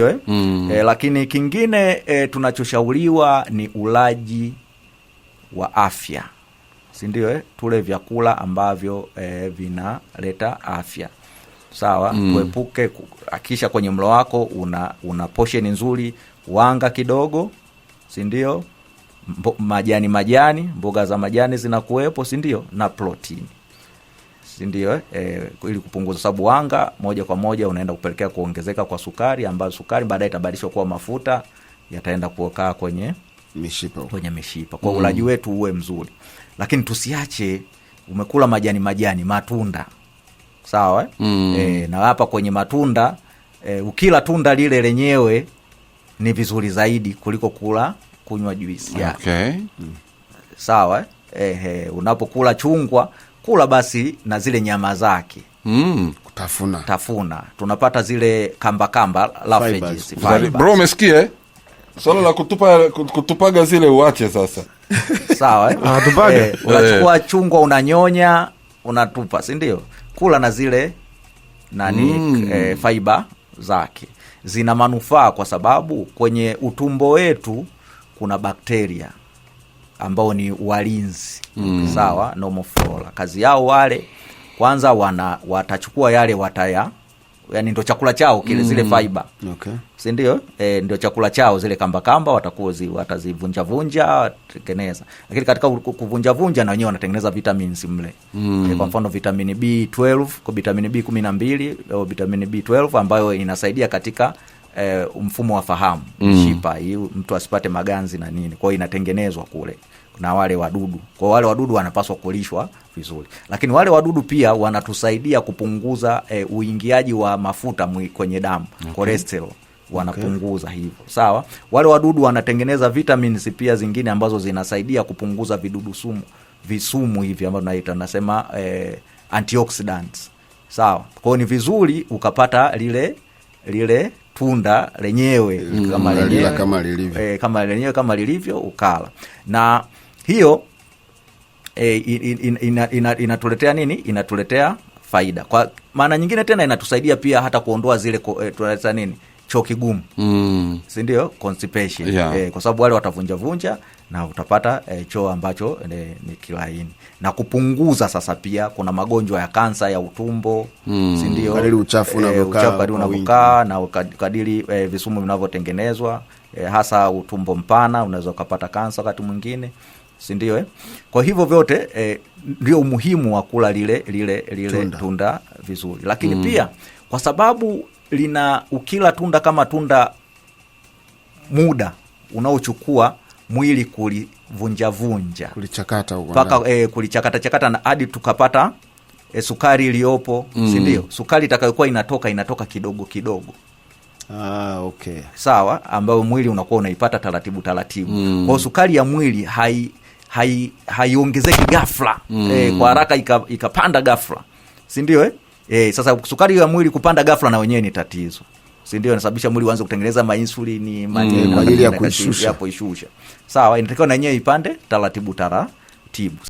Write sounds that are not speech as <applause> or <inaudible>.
Eh? Mm. Eh, lakini kingine eh, tunachoshauriwa ni ulaji wa afya, si ndio eh? Tule vyakula ambavyo eh, vinaleta afya sawa. Mm. Kuepuke akisha kwenye mlo wako una, una posheni nzuri, wanga kidogo, si ndio? Majani majani, mboga za majani zinakuwepo, si ndio, na protini sindio eh, ili kupunguza, sababu wanga moja kwa moja unaenda kupelekea kuongezeka kwa sukari, ambayo sukari baadaye itabadilishwa kuwa mafuta yataenda kuokaa kwenye mishipa, kwenye mishipa. Kwa mm. ulaji wetu uwe mzuri, lakini tusiache umekula majani majani matunda sawa mm. E, na hapa kwenye matunda e, ukila tunda lile lenyewe ni vizuri zaidi kuliko kula kunywa juisi yake okay. sawa E, unapokula chungwa kula basi na zile nyama zake mm, tafuna. tafuna tunapata zile kambakamba bro, umesikia eh? swala la kutupa, kutupaga zile uache sasa <laughs> sawa eh? eh, unachukua eh. chungwa unanyonya unatupa sindio kula na zile nani mm. eh, faiba zake zina manufaa kwa sababu kwenye utumbo wetu kuna bakteria ambao ni walinzi mm. Sawa, nomofola kazi yao wale kwanza wana watachukua yale wataya yani ndo chakula chao kile mm. zile fiber okay. sindio E, ndio chakula chao zile kambakamba kamba watakuwa zi, watazivunja vunja lakini katika kuvunjavunja na wenyewe wanatengeneza vitamins mle mm. E, kwa mfano vitamini B12 kwa vitamini B12 au vitamini B12 ambayo inasaidia katika eh, mfumo wa fahamu mshipa mm. hii mtu asipate maganzi na nini, kwao inatengenezwa kule na wale wadudu. kwao wale wadudu wanapaswa kulishwa vizuri, lakini wale wadudu pia wanatusaidia kupunguza eh, uingiaji wa mafuta mwi, kwenye damu cholesterol okay. wanapunguza okay. hivyo sawa. Wale wadudu wanatengeneza vitamins pia zingine ambazo zinasaidia kupunguza vidudu sumu visumu hivi ambavyo naita nasema eh, antioxidants sawa. kwao ni vizuri ukapata lile lile tunda lenyewe mm, kama lenyewe kama lilivyo e, kama lenyewe kama lilivyo ukala na hiyo e, inatuletea in, in, in nini inatuletea faida. Kwa maana nyingine tena inatusaidia pia hata kuondoa zile e, eh, tunaleta nini choo kigumu mm. sindio yeah. E, kwa sababu wale watavunjavunja na utapata e, choo ambacho e, ni kilaini na kupunguza. Sasa pia kuna magonjwa ya kansa ya utumbo mm. sindio, uchafu unavyokaa e, na kadiri e, visumu vinavyotengenezwa e, hasa utumbo mpana unaweza ukapata kansa wakati mwingine sindio eh? Kwa hivyo vyote ndio umuhimu wa kula lile lile lile tunda, tunda vizuri, lakini mm. pia kwa sababu lina ukila tunda kama tunda, muda unaochukua mwili kulivunjavunja kulichakata e, kulichakata chakata na hadi tukapata e, sukari iliyopo mm. sindio Sukari itakayokuwa inatoka inatoka kidogo kidogo. Ah, okay. Sawa, ambayo mwili unakuwa unaipata taratibu taratibu mm. Kwao sukari ya mwili hai haiongezeki hai ghafla mm. E, kwa haraka ikapanda ika ghafla, sindio eh? Eh, sasa sukari ya mwili kupanda ghafla na wenyewe ni tatizo. Si ndio inasababisha mwili uanze kutengeneza mainsulini mm, kwa ajili ya kuishusha. Sawa, inatakiwa na yenyewe ipande taratibu taratibu.